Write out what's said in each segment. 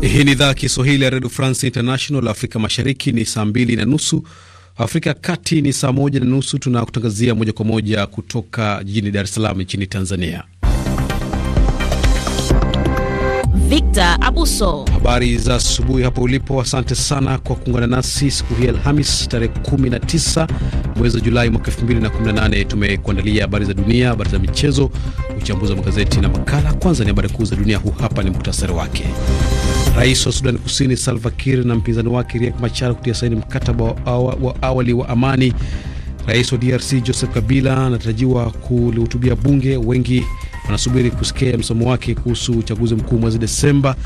Hii ni idhaa ya Kiswahili ya redio France International. Afrika mashariki ni saa mbili na nusu, Afrika ya kati ni saa moja na nusu. Tunakutangazia moja kwa moja kutoka jijini Dar es Salaam nchini Tanzania. Victor Abuso, habari za asubuhi hapo ulipo. Asante sana kwa kuungana nasi siku hii Alhamis tarehe 19 mwezi wa Julai mwaka 2018. Tumekuandalia habari za dunia, habari za michezo, uchambuzi wa magazeti na makala. Kwanza ni habari kuu za dunia, huu hapa ni mktasari wake. Rais wa Sudan Kusini Salva Kiir na mpinzani wake Riek Machar kutia saini mkataba wa, wa awali wa amani. Rais wa DRC Joseph Kabila anatarajiwa kulihutubia bunge, wengi wanasubiri kusikia msomo wake kuhusu uchaguzi mkuu mwezi Desemba.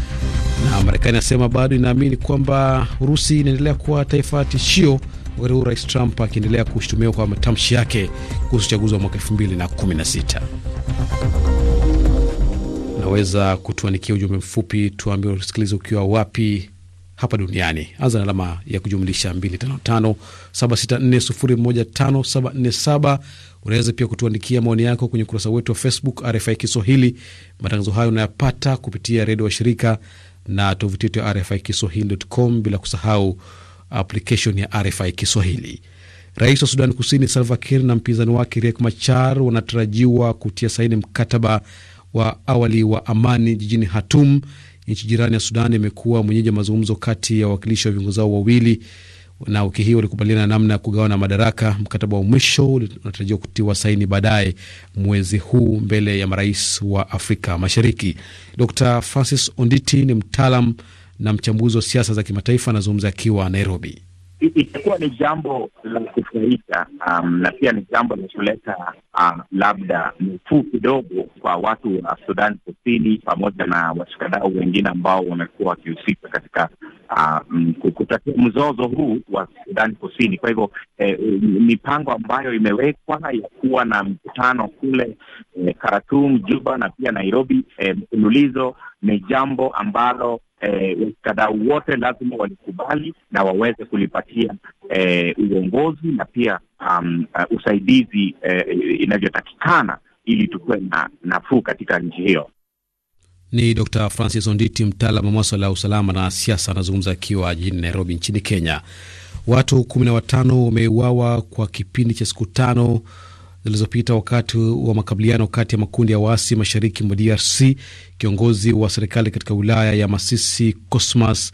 Na Marekani anasema bado inaamini kwamba Urusi inaendelea kuwa taifa tishio, wakati huu Rais Trump akiendelea kushutumiwa kwa matamshi yake kuhusu uchaguzi wa mwaka 216 unaweza kutuandikia ujumbe mfupi, tuambie usikilizi ukiwa wapi hapa duniani. Anza na alama ya kujumlisha 255 Unaweza pia kutuandikia maoni yako kwenye ukurasa wetu wa Facebook RFI Kiswahili. Matangazo hayo unayapata kupitia redio wa shirika na tovuti yetu ya RFI Kiswahili.com, bila kusahau application ya RFI Kiswahili. Rais wa Sudani Kusini Salva Kiir na mpinzani wake Riek Machar wanatarajiwa kutia saini mkataba wa awali wa amani jijini Hatum. Nchi jirani ya Sudan imekuwa mwenyeji wa mazungumzo kati ya wawakilishi wa viongozi hao wawili, na wiki hii walikubaliana namna ya kugawana madaraka. Mkataba wa mwisho unatarajiwa kutiwa saini baadaye mwezi huu mbele ya marais wa Afrika Mashariki. Dr Francis Onditi ni mtaalam na mchambuzi wa siasa za kimataifa, anazungumza akiwa Nairobi itakuwa ni jambo la kufurahisha um, na pia ni jambo la kuleta uh, labda nufuu kidogo kwa watu wa Sudan Kusini pamoja na washikadau wengine ambao wamekuwa wakihusika katika um, uh, mm, kutatia mzozo huu wa Sudan Kusini. Kwa hivyo eh, mipango ambayo imewekwa ya kuwa na mkutano kule eh, karatum Juba na pia Nairobi eh, mfululizo ni jambo ambalo eh, wadau eh, wote lazima walikubali na waweze kulipatia eh, uongozi na pia um, uh, usaidizi eh, inavyotakikana ili tukuwe na nafuu katika nchi hiyo. Ni Dr Francis Onditi, mtaalam wa maswala ya usalama na siasa, anazungumza akiwa jijini Nairobi nchini Kenya. Watu kumi na watano wameuawa kwa kipindi cha siku tano zilizopita wakati wa makabiliano kati ya makundi ya waasi mashariki mwa DRC. Kiongozi wa serikali katika wilaya ya Masisi, Cosmas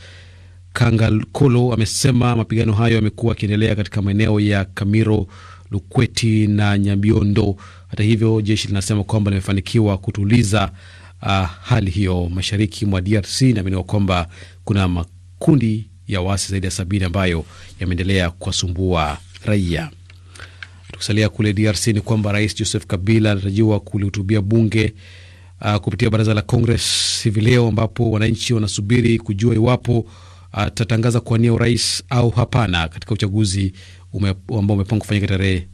Kangalkolo, amesema mapigano hayo yamekuwa yakiendelea katika maeneo ya Kamiro, Lukweti na Nyabiondo. Hata hivyo, jeshi linasema kwamba limefanikiwa kutuliza uh, hali hiyo mashariki mwa DRC. Inaaminiwa kwamba kuna makundi ya waasi zaidi ya sabini ambayo yameendelea kuwasumbua raia. Tukisalia kule DRC ni kwamba Rais Joseph Kabila anatarajiwa kulihutubia bunge uh, kupitia baraza la Congress hivi leo, ambapo wananchi wanasubiri kujua iwapo uh, atatangaza uh, kuwania urais au hapana katika uchaguzi ume, ambao umepangwa kufanyika tarehe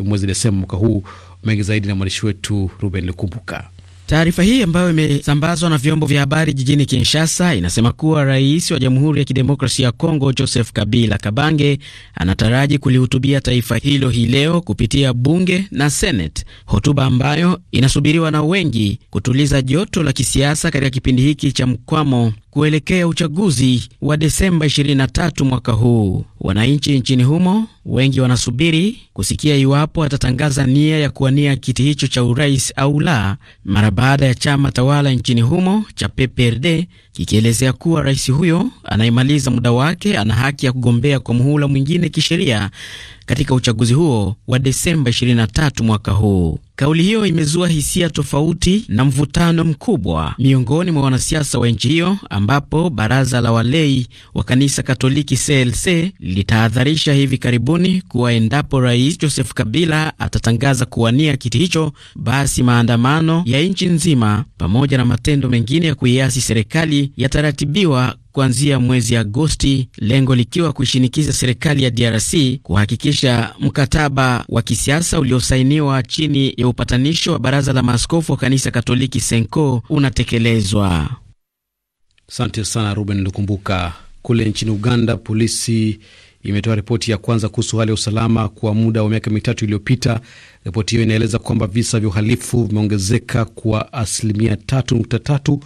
uh, mwezi Desemba mwaka huu. Mengi zaidi na mwandishi wetu Ruben Likumbuka. Taarifa hii ambayo imesambazwa na vyombo vya habari jijini Kinshasa inasema kuwa rais wa Jamhuri ya Kidemokrasia ya Kongo Joseph Kabila Kabange anataraji kulihutubia taifa hilo hii leo kupitia bunge na Senate, hotuba ambayo inasubiriwa na wengi kutuliza joto la kisiasa katika kipindi hiki cha mkwamo kuelekea uchaguzi wa Desemba 23 mwaka huu. Wananchi nchini humo wengi wanasubiri kusikia iwapo atatangaza nia ya kuwania kiti hicho cha urais au la, mara baada ya chama tawala nchini humo cha PPRD kikielezea kuwa rais huyo anayemaliza muda wake ana haki ya kugombea kwa muhula mwingine kisheria katika uchaguzi huo wa Desemba 23 mwaka huu. Kauli hiyo imezua hisia tofauti na mvutano mkubwa miongoni mwa wanasiasa wa nchi hiyo, ambapo baraza la walei wa kanisa Katoliki CLC litahadharisha hivi karibuni kuwa endapo Rais Joseph Kabila atatangaza kuwania kiti hicho, basi maandamano ya nchi nzima pamoja na matendo mengine ya kuiasi serikali yataratibiwa kuanzia mwezi Agosti, lengo likiwa kuishinikiza serikali ya DRC kuhakikisha mkataba wa kisiasa uliosainiwa chini ya upatanisho wa baraza la maaskofu wa kanisa Katoliki Senko unatekelezwa. Asante sana Ruben Lukumbuka. Kule nchini Uganda, polisi imetoa ripoti ya kwanza kuhusu hali ya usalama kwa muda wa miaka mitatu iliyopita. Ripoti hiyo inaeleza kwamba visa vya uhalifu vimeongezeka kwa asilimia 3.3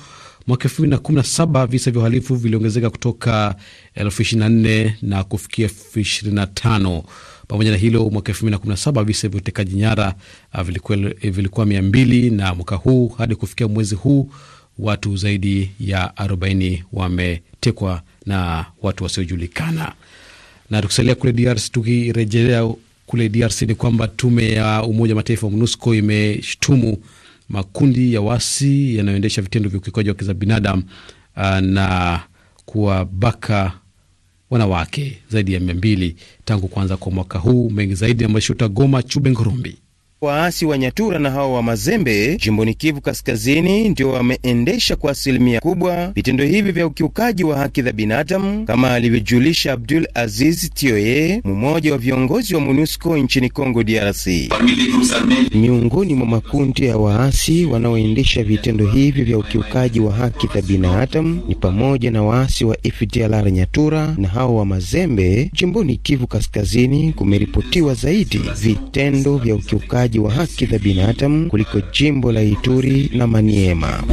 Mwaka 2017 visa vya uhalifu viliongezeka kutoka 24 na kufikia 25. Pamoja na hilo, mwaka 2017 visa vya utekaji nyara ah, vilikuwa, vilikuwa 200 na mwaka huu hadi kufikia mwezi huu watu zaidi ya 40 wametekwa na watu wasiojulikana. Na tukisalia kule DRC, tukirejelea kule DRC ni kwamba tume ya Umoja wa Mataifa MONUSCO imeshtumu makundi ya wasi yanayoendesha vitendo vya ukiukaji wa haki za binadamu uh, na kuwabaka wanawake zaidi ya mia mbili tangu kuanza kwa mwaka huu. Mengi zaidi mashuta Goma Chube Ngurumbi. Waasi wa Nyatura na hao wa Mazembe jimboni Kivu Kaskazini ndio wameendesha kwa asilimia kubwa vitendo hivi vya ukiukaji wa haki za binadamu, kama alivyojulisha Abdul Aziz Tioye, mmoja wa viongozi wa MONUSCO nchini congo DRC. Miongoni mwa makundi ya waasi wanaoendesha vitendo hivi vya ukiukaji wa haki za binadamu ni pamoja na waasi wa FDLR Nyatura na hao wa Mazembe jimboni Kivu Kaskazini. Kumeripotiwa zaidi vitendo vya ukiukaji utendaji wa haki za binadamu kuliko jimbo la Ituri na Maniema.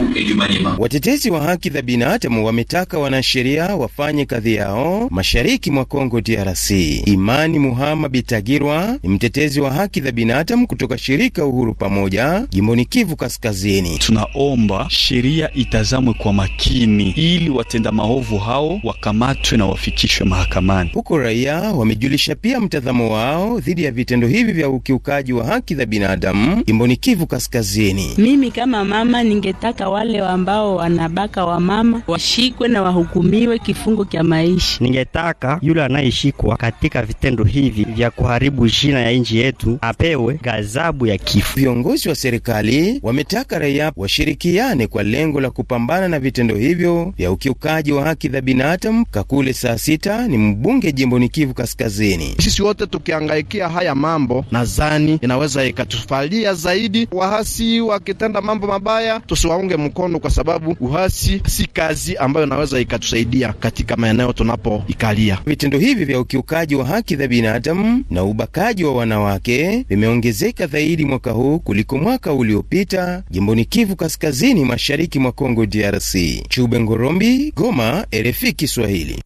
Watetezi wa haki za binadamu wametaka wanasheria wafanye kazi yao mashariki mwa Kongo DRC. Imani Muhama Bitagirwa ni mtetezi wa haki za binadamu kutoka shirika Uhuru Pamoja, jimboni Kivu Kaskazini. Tunaomba sheria itazamwe kwa makini ili watenda maovu hao wakamatwe na wafikishwe mahakamani. Huko raia wamejulisha pia mtazamo wao dhidi ya vitendo hivi vya ukiukaji wa haki za za binadamu jimboni Kivu Kaskazini. Mimi kama mama ningetaka wale ambao wanabaka wa mama washikwe na wahukumiwe kifungo cha maisha. Ningetaka yule anayeshikwa katika vitendo hivi vya kuharibu jina ya nchi yetu apewe gazabu ya kifo. Viongozi wa serikali wametaka raia washirikiane kwa lengo la kupambana na vitendo hivyo vya ukiukaji wa haki za binadamu. Kakule saa sita ni mbunge jimboni Kivu Kaskazini. Sisi wote tukiangaikia haya mambo, nadhani inaweza ikatufalia zaidi. Wahasi wakitenda mambo mabaya, tusiwaunge mkono, kwa sababu uhasi si kazi ambayo inaweza ikatusaidia katika maeneo tunapoikalia. Vitendo hivi vya ukiukaji wa haki za binadamu na ubakaji wa wanawake vimeongezeka zaidi mwaka huu kuliko mwaka uliopita jimboni Kivu Kaskazini, mashariki mwa Kongo DRC. Chube Ngorombi, Goma, RFI Kiswahili.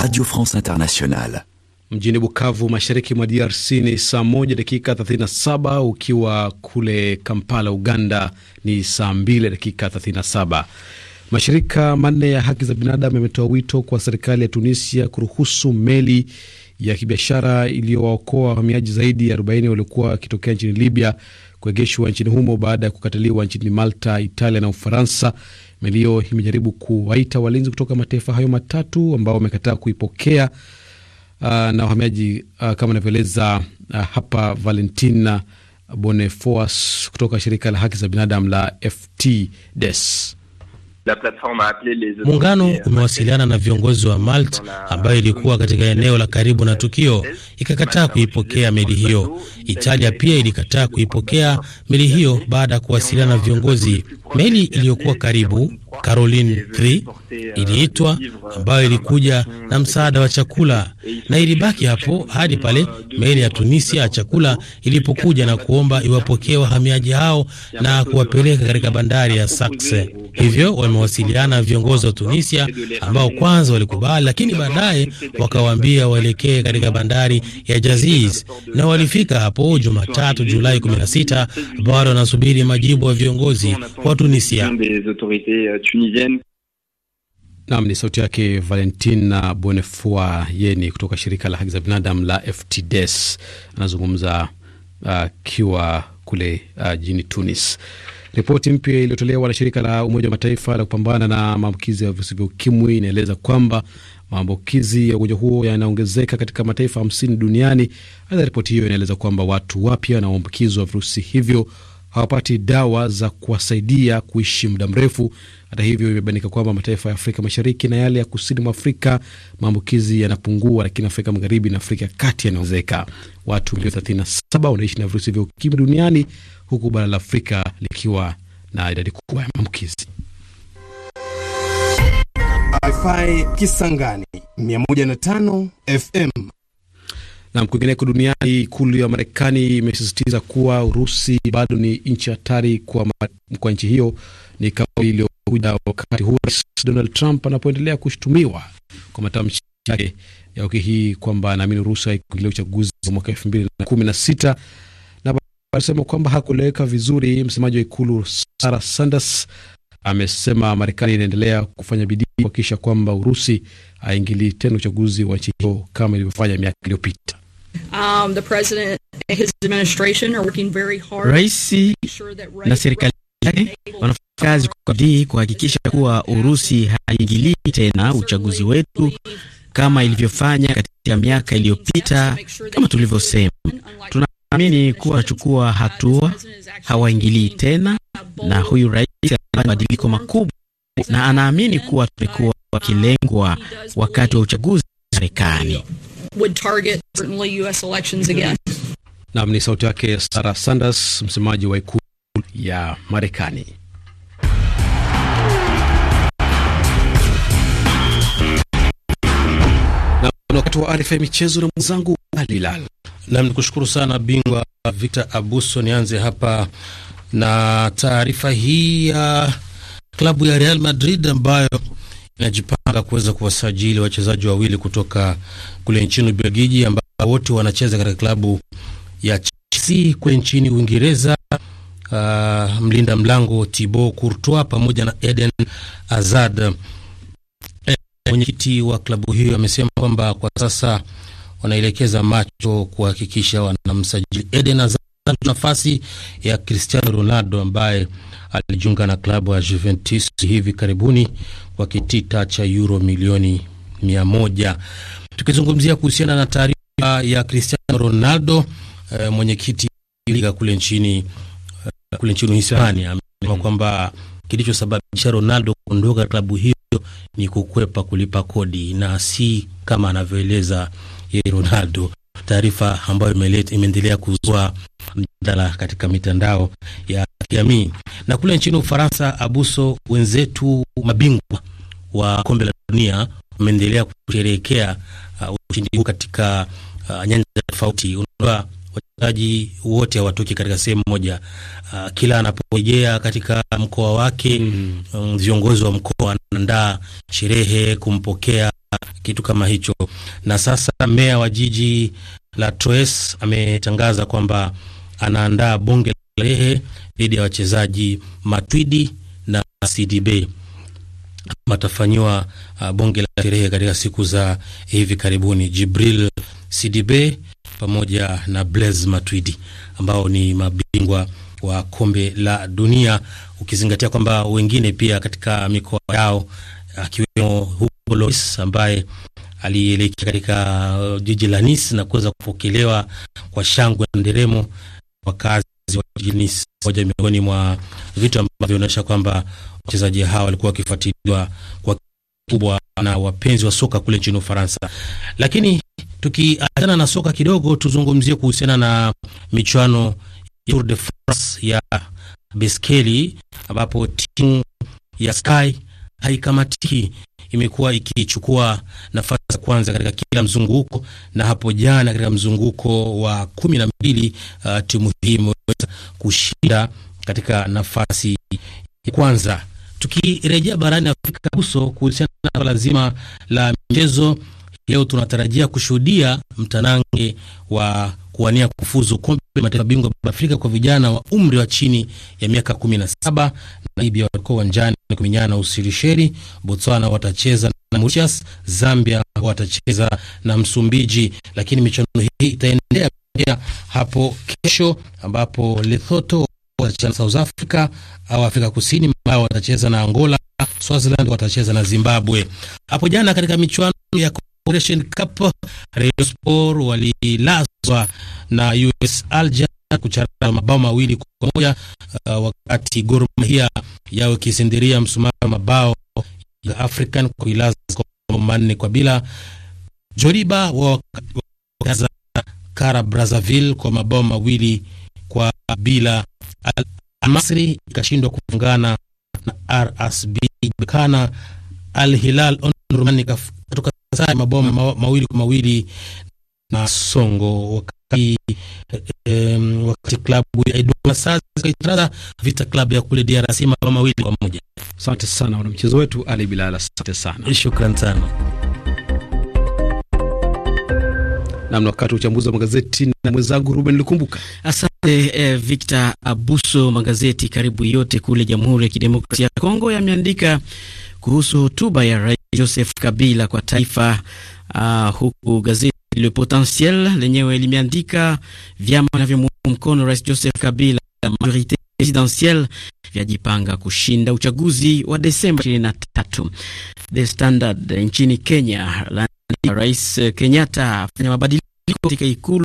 Radio France Internationale mjini Bukavu, mashariki mwa DRC ni saa moja dakika 37, ukiwa kule Kampala, Uganda ni saa 2 dakika 37. Mashirika manne ya haki za binadamu yametoa wito kwa serikali ya Tunisia kuruhusu meli ya kibiashara iliyowaokoa wahamiaji zaidi ya 40 waliokuwa wakitokea nchini Libya kuegeshwa nchini humo baada ya kukataliwa nchini Malta, Italia na Ufaransa. Meli hiyo imejaribu kuwaita walinzi kutoka mataifa hayo matatu ambao wamekataa kuipokea uh, na wahamiaji uh, kama anavyoeleza uh, hapa Valentina Bonefoas kutoka shirika la haki za binadamu la FTDES. E Muungano umewasiliana na viongozi wa Malta ambayo ilikuwa katika eneo la karibu na tukio, ikakataa kuipokea meli hiyo. Italia pia ilikataa kuipokea meli hiyo baada ya kuwasiliana na viongozi. Meli iliyokuwa karibu Caroline 3 iliitwa, ambayo ilikuja na msaada wa chakula na ilibaki hapo hadi pale meli ya Tunisia ya chakula ilipokuja na kuomba iwapokee wahamiaji hao na kuwapeleka katika bandari ya Sakse. Hivyo wamewasiliana na viongozi wa Tunisia ambao kwanza walikubali, lakini baadaye wakawaambia waelekee katika bandari ya Jaziz na walifika hapo Jumatatu Julai 16, bado wanasubiri majibu ya viongozi watu Tunisia. Nam euh, ni sauti yake valentin Bonefua Yeni kutoka shirika la haki za binadamu la FTDES anazungumza uh, akiwa uh, kule uh, Tunis. Ripoti mpya iliyotolewa na shirika la Umoja wa Mataifa la kupambana na maambukizi ya virusi vya ukimwi inaeleza kwamba maambukizi ya ugonjwa huo yanaongezeka katika mataifa hamsini duniani. Aidha, ripoti hiyo inaeleza kwamba watu wapya wanaoambukizwa virusi hivyo hawapati dawa za kuwasaidia kuishi muda mrefu. Hata hivyo, imebainika kwamba mataifa ya Afrika Mashariki na yale ya kusini mwa Afrika maambukizi yanapungua, lakini Afrika Magharibi na Afrika ya Kati yanaongezeka. Watu milioni 37 wanaishi na virusi vya ukimwi duniani huku bara la Afrika likiwa na idadi kubwa ya maambukizi. Kisangani 105 FM na kwingineko duniani, ikulu ya Marekani imesisitiza kuwa Urusi bado ni nchi hatari kwa, kwa nchi hiyo. Ni kauli iliyokuja wakati huu Rais Donald Trump anapoendelea kushutumiwa kwa matamshi yake ya wiki hii kwamba anaamini Urusi haikuingilia uchaguzi wa mwaka elfu mbili na kumi na sita na anasema kwamba hakueleweka vizuri. Msemaji wa ikulu Sara Sanders amesema Marekani inaendelea kufanya bidii kuhakikisha kwamba Urusi haingilii tena uchaguzi wa nchi hiyo kama ilivyofanya miaka iliyopita. Um, the president and his administration are working very hard. Raisi na serikali yake wanafanya kazi kwa bidii kuhakikisha kuwa Urusi haingilii tena uchaguzi wetu kama ilivyofanya katika miaka iliyopita. Kama tulivyosema, tunaamini kuwa wanachukua hatua, hawaingilii tena, na huyu rais anafanya mabadiliko makubwa na anaamini kuwa tumekuwa wakilengwa wakati wa uchaguzi wa Marekani would target certainly US elections again. Naam, ni sauti yake Sarah Sanders, msemaji wa ikulu ya Marekani. Wakati wa arifa ya michezo na mwenzangu Alilal. nam ni nikushukuru sana bingwa Victor Abuso. Nianze hapa na taarifa hii ya klabu ya Real Madrid ambayo inajipanga kuweza kuwasajili wachezaji wawili kutoka kule nchini Ubelgiji ambao wote wanacheza katika klabu ya Chelsea kule nchini Uingereza. Uh, mlinda mlango Thibaut Courtois pamoja na Eden Hazard. Eh, mwenyekiti wa klabu hiyo amesema kwamba kwa sasa wanaelekeza macho kuhakikisha wanamsajili Eden Hazard nafasi ya Cristiano Ronaldo ambaye alijiunga na klabu ya Juventus hivi karibuni kwa kitita cha euro milioni mia moja. Tukizungumzia kuhusiana na taarifa ya Cristiano Ronaldo, e, mwenyekiti liga kule nchini uh, kule nchini Hispania amesema kwamba kilichosababisha Ronaldo kuondoka klabu hiyo ni kukwepa kulipa kodi na si kama anavyoeleza yeye Ronaldo, taarifa ambayo imeendelea kuzua mjadala katika mitandao ya kijamii. Na kule nchini Ufaransa, Abuso, wenzetu mabingwa wa kombe la dunia wameendelea kusherehekea uh, ushindi huu katika uh, nyanja tofauti. Unajua, wachezaji wote hawatoki katika sehemu moja. Uh, kila anaporejea katika mkoa wake mm um, viongozi wa mkoa wanaandaa sherehe kumpokea kitu kama hicho. Na sasa meya wa jiji la Troyes ametangaza kwamba anaandaa bonge la sherehe dhidi ya wachezaji Matwidi na CDB matafanyiwa uh, bonge la sherehe katika siku za hivi karibuni. Jibril CDB pamoja na Blaise Matuidi ambao ni mabingwa wa kombe la dunia, ukizingatia kwamba wengine pia katika mikoa yao akiwemo Hugo Loris ambaye alielekea katika uh, jiji la Nice na kuweza kupokelewa kwa shangwe na nderemo wakazi ni moja miongoni mwa vitu ambavyo vinaonyesha kwamba wachezaji hawa walikuwa wakifuatiliwa kwa kubwa na wapenzi wa soka kule nchini Ufaransa. Lakini tukiachana na soka kidogo, tuzungumzie kuhusiana na michuano ya Tour de France ya beskeli ambapo timu ya Sky haikamatiki imekuwa ikichukua nafasi ya kwanza katika kila mzunguko, na hapo jana katika mzunguko wa kumi na mbili uh, timu hii imeweza kushinda katika nafasi ya kwanza. Tukirejea barani Afrika kuso kuhusiana na swala zima la michezo, leo tunatarajia kushuhudia mtanange wa kuwania kufuzu kombe la mataifa bingwa Afrika kwa vijana wa umri wa chini ya miaka 17 na Namibia watakuwa uwanjani na kumenyana na Usirisheri. Botswana watacheza na Mauritius, Zambia watacheza na Msumbiji, lakini michuano hii itaendelea hapo kesho ambapo Lesotho watacheza na South Africa au Afrika Kusini ambao watacheza na Angola, Swaziland watacheza na Zimbabwe. Hapo jana katika michuano ya Confederation Cup, walilazwa na US Alger kuchara mabao mawili kwa moja uh, wakati Gor Mahia yao kisindiria msumara mabao ya African kuilaza manne kwa bila. Joriba wa wakaza Kara Brazzaville kwa mabao mawili kwa bila. Al Masri ikashindwa kufungana na RSB Bekana. Al Hilal Omdurman kutoka sare mabao mawili kwa mawili na Songo wakati, um, wakati klabu ya Iduna Stars ikaitangaza Vita klabu ya kule DRC mabao mawili kwa moja. Asante sana wanamchezo wetu Ali Bilal, asante sana, shukran sana namna wakati wa uchambuzi wa magazeti na mwenzangu Ruben Lukumbuka. Asante eh, Victor Abuso. Magazeti karibu yote kule Jamhuri ya Kidemokrasia ya Kongo yameandika kuhusu hotuba ya Rais Joseph Kabila kwa taifa, uh, huku gazeti Le Potentiel lenyewe limeandika vyama vinavyomuunga mkono Rais Joseph Kabila na majorite presidentielle vyajipanga kushinda uchaguzi wa Desemba 23. The Standard nchini Kenya laandika Rais Kenyatta afanya mabadiliko katika ikulu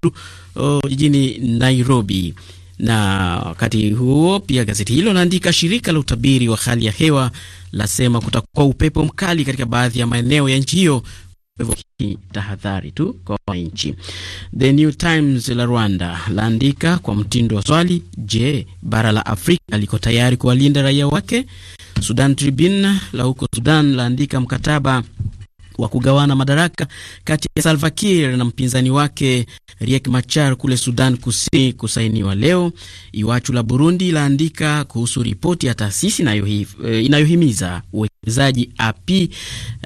jijini Nairobi na wakati huo pia gazeti hilo naandika shirika la utabiri wa hali ya hewa lasema kutakuwa upepo mkali katika baadhi ya maeneo ya nchi hiyo hivyo tahadhari tu kwa wananchi. The New Times la Rwanda laandika kwa mtindo wa swali: Je, bara la Afrika liko tayari kuwalinda raia wake? Sudan Tribune la huko Sudan laandika mkataba wa kugawana madaraka kati ya Salva Kiir na mpinzani wake Riek Machar kule Sudan Kusini kusainiwa leo. Iwachu la Burundi laandika kuhusu ripoti ya taasisi eh, inayohimiza uwekezaji AP, uh,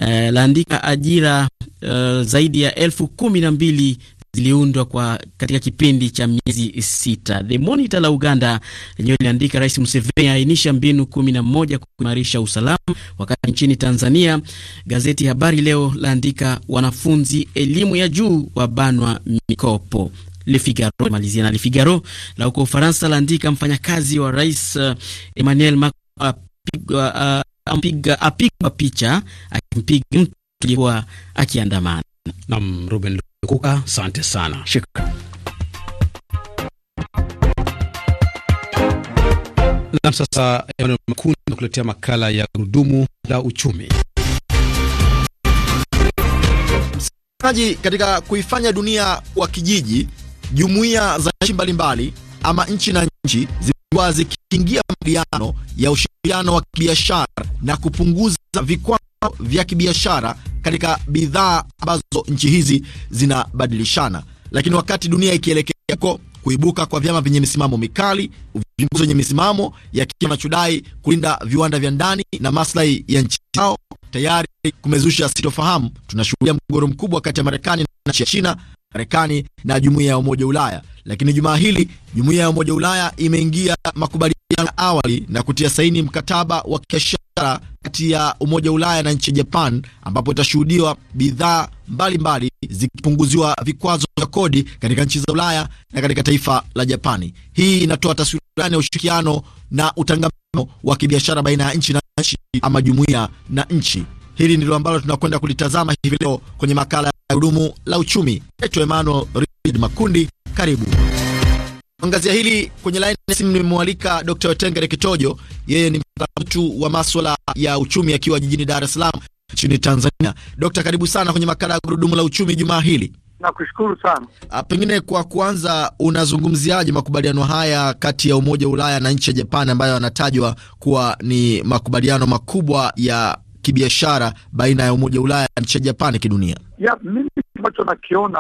eh, laandika ajira uh, zaidi ya elfu kumi na mbili ziliundwa kwa katika kipindi cha miezi sita. The Monitor la Uganda lenyewe liliandika Rais Museveni aainisha mbinu kumi na moja kuimarisha usalama. Wakati nchini Tanzania gazeti Habari Leo laandika wanafunzi elimu ya juu wabanwa mikopo. Le Figaro malizia na Le Figaro la huko Ufaransa laandika mfanyakazi wa Rais eh, Emmanuel Macron eh, apigwa picha akimpiga mtu aliyekuwa akiandamana. Naam, Ruben Kuka, asante sana. Shukran. Na sasa Emmanuel Makundi kuletea makala ya gurudumu la uchumi. Msikilizaji, katika kuifanya dunia wa kijiji, jumuiya za nchi mbalimbali ama nchi na nchi zimekuwa zikiingia makubaliano ya ushirikiano wa kibiashara na kupunguza vikwazo vya kibiashara katika bidhaa ambazo nchi hizi zinabadilishana. Lakini wakati dunia ikielekea huko, kuibuka kwa vyama vyenye misimamo mikali, viongozi wenye misimamo ya kinachodai kulinda viwanda vya ndani na maslahi ya nchi zao, tayari kumezusha sitofahamu. Tunashuhudia mgogoro mkubwa kati ya Marekani na nchi ya China Marekani na jumuiya ya Umoja Ulaya. Lakini jumaa hili jumuiya ya Umoja Ulaya imeingia makubaliano ya awali na kutia saini mkataba wa kibiashara kati ya Umoja Ulaya na nchi Japan, ambapo itashuhudiwa bidhaa mbalimbali zikipunguziwa vikwazo vya kodi katika nchi za Ulaya na katika taifa la Japani. Hii inatoa taswira ya ushirikiano na utangamano wa kibiashara baina ya nchi na nchi ama jumuiya na nchi. Hili ndilo ambalo tunakwenda kulitazama hivi leo kwenye makala gurudumu la uchumi yetu. Emmanuel Richard Makundi, karibu angazia hili kwenye laini ya simu. Nimemwalika Dr. Wetengere Kitojo, yeye ni mtu wa maswala ya uchumi akiwa jijini Dar es Salaam nchini Tanzania. Dokta, karibu sana kwenye makala ya gurudumu la uchumi jumaa hili. Nakushukuru sana. A, ah, pengine kwa kwanza, unazungumziaje makubaliano haya kati ya Umoja wa Ulaya na nchi ya Japani ambayo yanatajwa kuwa ni makubaliano makubwa ya kibiashara baina ya Umoja wa Ulaya na nchi ya Japani kidunia? Ya, mimi ambacho nakiona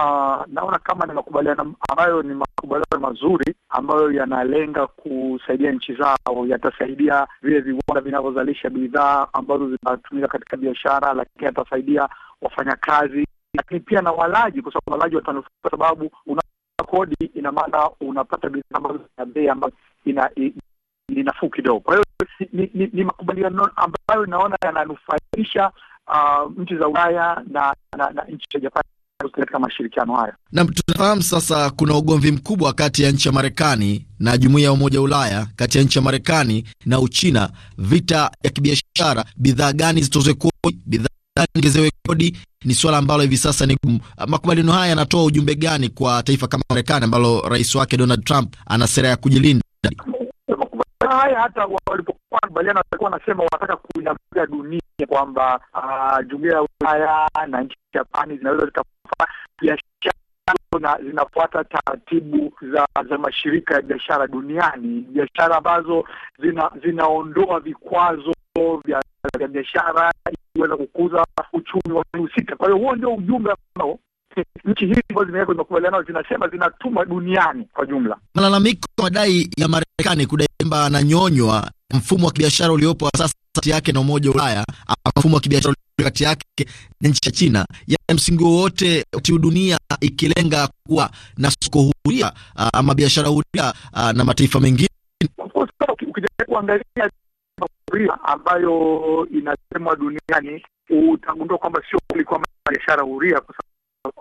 naona kama ni makubaliano ambayo ni makubaliano mazuri ambayo yanalenga kusaidia nchi zao, yatasaidia vile viwanda vinavyozalisha bidhaa ambazo zinatumika katika biashara, lakini yatasaidia wafanyakazi, lakini pia na walaji, kwa sababu walaji watanufaika, kwa sababu una kodi, ina maana unapata bidhaa ambazo zina bei ambayo ina ni nafuu kidogo. Kwa hiyo ni, ni, ni makubaliano ambayo naona yananufaisha uh, nchi za Ulaya na, na, na nchi ya Japani katika mashirikiano haya. Naam, tunafahamu sasa kuna ugomvi mkubwa kati ya nchi ya Marekani na jumuiya ya Umoja wa Ulaya, kati ya nchi ya Marekani na Uchina, vita ya kibiashara, bidhaa gani zitozwe kodi, bidhaa gani ongezewe kodi, ni suala ambalo hivi sasa ni gumu. Makubaliano haya yanatoa ujumbe gani kwa taifa kama Marekani ambalo rais wake Donald Trump ana sera ya kujilinda? haya hata walipokuwa wanakubaliana walikuwa wanasema wanataka kuinamiza dunia kwamba ah, jumuia ya Ulaya na nchi ya Japani zinaweza zikafaa biashara na zinafuata taratibu za za mashirika ya biashara duniani, biashara ambazo zina, zinaondoa vikwazo vya biashara iweza kukuza uchumi wa husika. Kwa hiyo huo ndio ujumbe ambao nchi hizi ambazo zimewekwa kwenye makubaliano zinasema zinatuma duniani kwa jumla. Malalamiko, madai ya Marekani kudai kwamba ananyonywa mfumo wa kibiashara uliopo sasa kati yake na Umoja wa Ulaya, mfumo wa kibiashara kati yake na nchi ya China ya msingi wowote, wakati dunia ikilenga kuwa na soko huria ama biashara huria na mataifa mengine? Ukijaribu kuangalia huria ambayo inasemwa duniani utagundua kwamba sio kweli kwamba biashara huria, kwa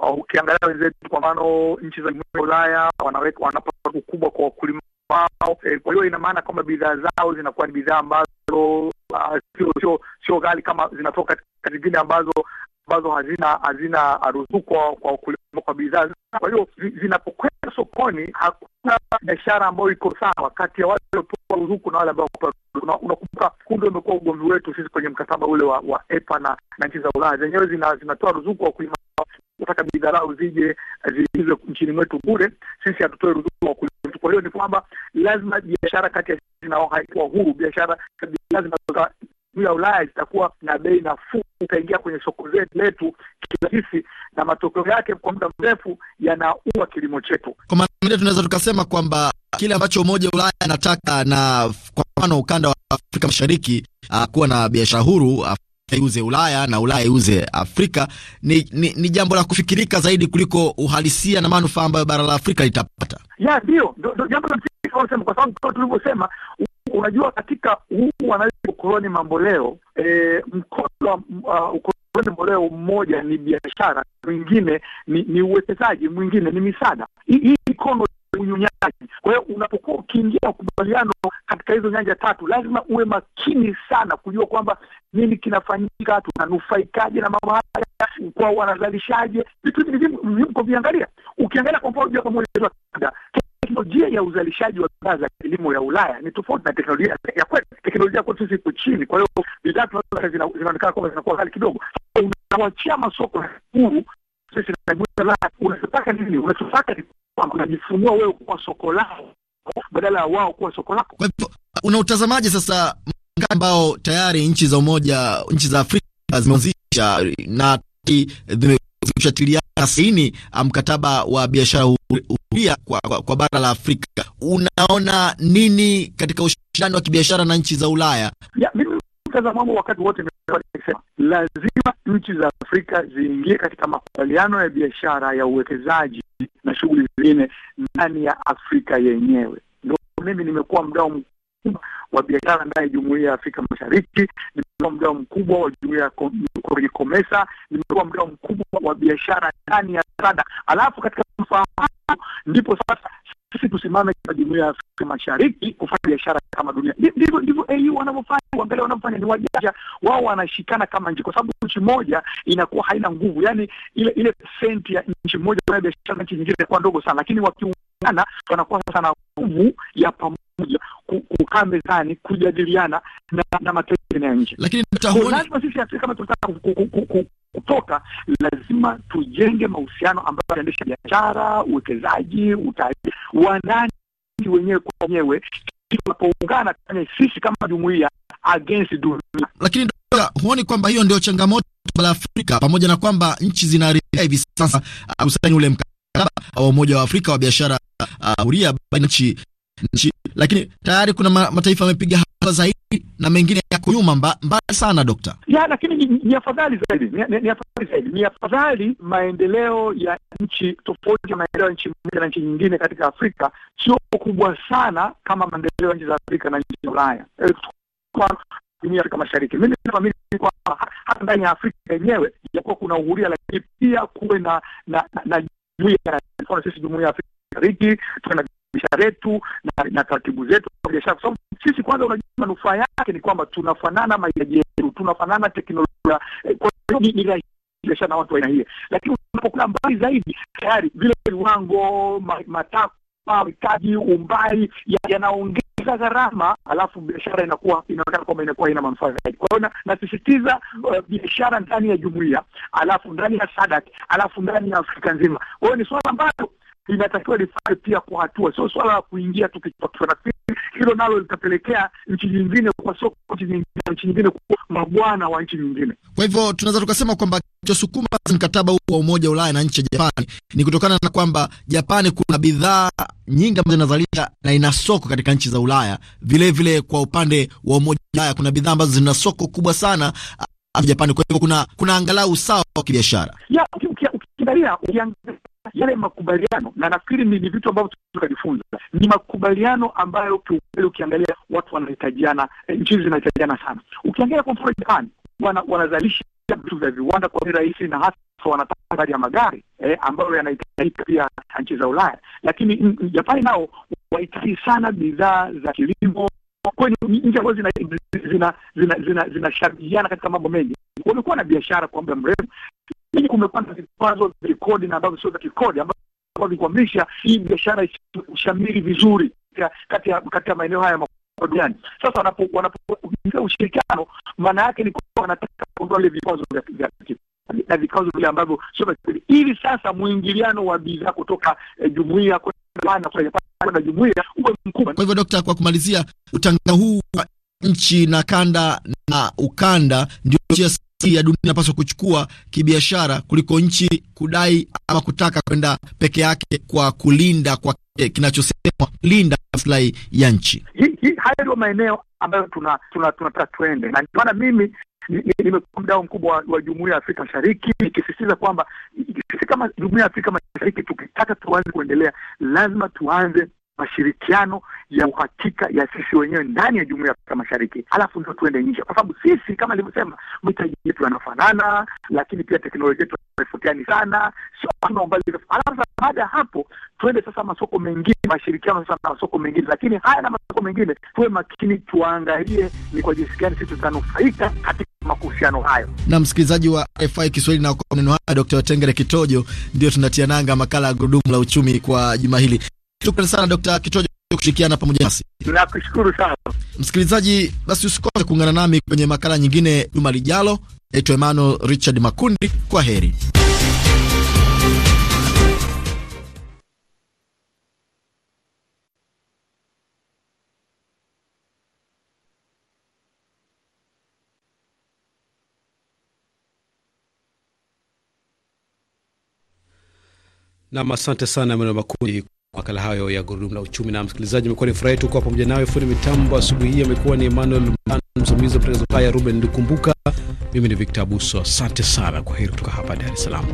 Uh, ukiangalia wenzetu kwa mfano nchi za jumuiya ya Ulaya wanaweka wanapata kubwa kwa wakulima wao. E, kwa hiyo ina maana kwamba bidhaa zao zinakuwa ni bidhaa ambazo uh, sio sio ghali kama zinatoka katika zingine ambazo ambazo hazina hazina ruzuku kwa wakulima kwa bidhaa zao. Kwa hiyo zinapokwenda sokoni, hakuna biashara ambayo iko sawa kati ya wale waliopewa ruzuku na wale ambao unakumbuka, huu ndio umekuwa ugomvi wetu sisi kwenye mkataba ule wa, wa EPA na, na nchi za Ulaya zenyewe zinatoa zina ruzuku wakulima kutaka bidhaa zije eh, ziingizwe nchini mwetu bure, sisi hatutoe ruzuku wa wetu. Kwa hiyo ni kwamba lazima biashara kati ya sisi wao haikuwa huru, biashara lazima ya Ulaya zitakuwa na bei nafuu, itaingia kwenye soko letu kirahisi, na matokeo yake kwa muda mrefu yanaua kilimo chetu. Kwa maana tunaweza tukasema kwamba kile ambacho umoja wa Ulaya anataka na kwa mfano ukanda wa Afrika Mashariki ah, kuwa na biashara huru, ah, iuze Ulaya na Ulaya iuze Afrika ni, ni, ni jambo la kufikirika zaidi kuliko uhalisia na manufaa ambayo bara la Afrika litapata. Ya ndio jambo la msingi, kwa sababu kama tulivyosema, unajua katika huu wanaita ukoloni mamboleo e, mkono wa uh, ukoloni mmoja ni biashara, mwingine ni, ni uwekezaji, mwingine ni misaada. Hii mikono unyonyaji. Kwa hiyo unapokuwa ukiingia makubaliano katika hizo nyanja tatu, lazima uwe makini sana kujua kwamba nini kinafanyika, tunanufaikaje na mambo haya kwa wanazalishaje. Vitu hivi kwa viangalia, ukiangalia kwa mfano moja kwa moja teknolojia ya uzalishaji wa bidhaa za kilimo ya Ulaya ni tofauti na teknolojia ya kwetu. Teknolojia kwetu sisi iko chini, kwa hiyo bidhaa tunazo zinaonekana kwamba zinakuwa ghali kidogo. Unawachia masoko huru sisi na Ulaya, unachotaka nini? Unachotaka ni wanajifunua wewe kuwa soko lao badala ya wao kuwa soko lako. Kwa hivyo unautazamaje sasa ambao tayari nchi za Umoja, nchi za Afrika zimeanzisha na zimeshatiliana saini ah, mkataba wa biashara huria kwa, kwa, kwa bara la Afrika. Unaona nini katika ushindani wa kibiashara na nchi za Ulaya? Mimi mtazamo wangu wakati wote nimesema lazima nchi za Afrika ziingie katika makubaliano ya biashara ya uwekezaji na shughuli zingine ndani ya Afrika yenyewe. Ndo mimi nimekuwa mdao mkubwa wa biashara ndani ya jumuiya ya Afrika Mashariki, nimekuwa mdao mkubwa wa jumuiya kwenye Komesa, nimekuwa mdao mkubwa wa biashara ndani ya SADC. Alafu katika mfahamu ndipo sasa sisi tusimame kama jumuiya ya Afrika Mashariki kufanya biashara kama dunia. Ndivyo ndivyo AU wanavyofanya, uangalia wanavyofanya, ni wajanja wao, wanashikana kama nchi, kwa sababu nchi moja inakuwa haina nguvu, yaani ile ile senti ya nchi moja kufanya biashara na nchi nyingine inakuwa ndogo sana, lakini wakiungana wanakuwa sana nguvu ya pamoja kukaa mezani kujadiliana na, na mataifa ya nje. Lakini lazima sisi Afrika kama tunataka kutoka lazima tujenge mahusiano ambayo yanaendesha biashara, uwekezaji, utalii wa ndani wenyewe kwa wenyewe, tunapoungana kwenye sisi kama jumuiya against dunia. Lakini huoni kwamba hiyo ndio changamoto la Afrika, pamoja na kwamba nchi zinaridhia hivi sasa kusaini uh, ule mkataba wa Umoja wa Afrika wa biashara uh, ah, uria baina nchi nchi, lakini tayari kuna mataifa yamepiga hatua zaidi na mengine yako nyuma mba, mbali sana dokta. Ya, lakini ni afadhali zaidi, ni afadhali zaidi, ni afadhali maendeleo ya nchi tofauti na maendeleo ya nchi moja na nchi nyingine katika Afrika sio kubwa sana kama maendeleo ya nchi za Afrika na nchi za Ulaya eh, kwa dunia Afrika Mashariki. Mimi naamini kwamba hata ndani ya Afrika yenyewe yakuwa kuna uhuria, lakini pia kuwe na na, na, na jumuiya. Sisi jumuiya ya Afrika mashariki tuna biashara yetu na, na taratibu zetu za biashara, kwa sababu sisi kwanza, unajua manufaa yake ni kwamba tunafanana mahitaji yetu, tunafanana teknolojia, eh, kwa hiyo ni rahisi biashara na watu wa aina hiyo, lakini unapokuwa mbali zaidi, tayari vile viwango, matakwa, mahitaji umbali yanaongeza ya gharama alafu biashara inakuwa inaonekana kwamba inakuwa ina manufaa zaidi. Kwa hiyo nasisitiza uh, biashara ndani ya jumuiya, alafu ndani ya SADC, alafu ndani ya Afrika nzima. Kwa hiyo ni swala ambalo linatakiwa lifanye pia kwa hatua, sio swala la kuingia tu kichwa. Nafikiri hilo nalo litapelekea nchi nyingine kwa soko, nchi nyingine, nchi nyingine kuwa mabwana wa nchi nyingine. Kwa hivyo tunaweza tukasema kwamba kilichosukuma mkataba huu wa Umoja wa Ulaya na nchi ya Japani ni kutokana na kwamba Japani kuna bidhaa nyingi ambazo inazalisha na ina soko katika nchi za Ulaya. Vilevile vile kwa upande wa Umoja wa Ulaya kuna bidhaa ambazo zina soko kubwa sana ah, Japani. Kwa hivyo kuna kuna angalau usawa wa kibiashara. Ukiangalia yale makubaliano, na nafikiri ni vitu ambavyo tukajifunza, ni makubaliano ambayo kiukweli ukiangalia watu wanahitajiana, eh, nchi zinahitajiana sana. Ukiangalia kwa mfano Japani wana, wanazalisha vitu vya viwanda kwa bei rahisi na hasa wanataka ya magari eh, ambayo yanahitajika pia nchi za Ulaya, lakini Japani nao wahitaji sana bidhaa za kilimo kwenye nchi ambazo zinashabihiana zina, zina, zina, zina katika mambo mengi. Wamekuwa na biashara kwa muda mrefu, lakini kumekuwa na vikwazo vya kikodi na ambavyo sio vya kikodi ambavyo vikwamisha hii biashara ishamiri vizuri kati ya kati ya maeneo haya makodiani. Sasa wanapoingia ushirikiano, maana yake ni kwamba wanataka kuondoa vile vikwazo vya na vikwazo vile ambavyo sio vya kikodi, ili sasa mwingiliano wa bidhaa kutoka eh, jumuiya kwenda kwenda jumuiya uwe mkubwa. Kwa hivyo, Dokta, kwa kumalizia, utanga huu wa nchi na kanda na ukanda ndio njia ya dunia inapaswa kuchukua kibiashara kuliko nchi kudai ama kutaka kwenda peke yake kwa kulinda kwa eh, kinachosemwa linda maslahi ya nchi. Haya ndio maeneo ambayo tunataka tuna, tuna tuende, na ndio maana mimi nimekuwa mdao mkubwa wa Jumuiya ya Afrika Mashariki nikisisitiza kwamba sisi kama Jumuiya ya Afrika Mashariki tukitaka tuanze kuendelea, lazima tuanze mashirikiano ya uhakika ya sisi wenyewe ndani ya jumuiya ya Afrika Mashariki, alafu ndio tuende nje, kwa sababu sisi kama nilivyosema, mahitaji yetu yanafanana, lakini pia teknolojia yetu tofautiani sana, sio mbali. Alafu baada ya hapo tuende sasa masoko mengine, mashirikiano sasa na masoko mengine, lakini haya na masoko mengine tuwe makini, tuangalie ni kwa jinsi gani sisi tutanufaika katika mahusiano hayo. Na msikilizaji wa RFI Kiswahili, na kwa maneno haya Dr. Tengere Kitojo, ndio tunatia nanga makala ya gurudumu la uchumi kwa juma hili. Shukrani sana Dr. Kitojo kushirikiana pamoja nasi. Nakushukuru sana. Msikilizaji, basi usikose kuungana nami kwenye makala nyingine juma lijalo. Naitwa Emmanuel Richard Makundi, kwa heri. Nam, asante sana Emmanuel Makundi. Makala hayo ya gurudumu la uchumi na msikilizaji, imekuwa ni furaha yetu kuwa pamoja nawe. Fundi mitambo asubuhi hii amekuwa ni Emmanuel Mbana, msimamizi wa matangazo haya Ruben Ndukumbuka, mimi ni Victor Abuso. Asante sana, kwa heri kutoka hapa Dar es Salaam.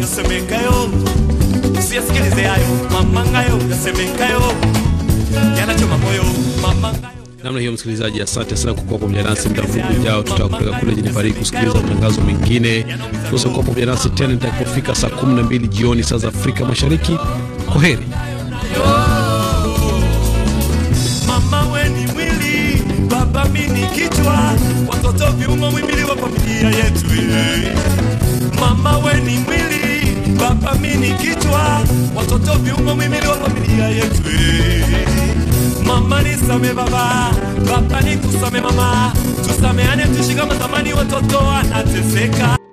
yasemekayo usiyasikilize hayo yasemekayo yanachoma moyo namna hiyo, msikilizaji, asante sana kukuwa pamoja nasi. Muda mfupi ujao tutakupeleka kule jini Paris kusikiliza matangazo mengine. Usikose kuwa pamoja nasi tena nitakapofika saa 12 jioni saa za Afrika Mashariki. Kwa heri. mini kichwa, watoto viumo wa familia yetu. Mama we ni mwili, baba mini kichwa, watoto viumo wa familia yetu. Mama nisame baba, baba nikusame mama, tusameane tushikama zamani watoto anateseka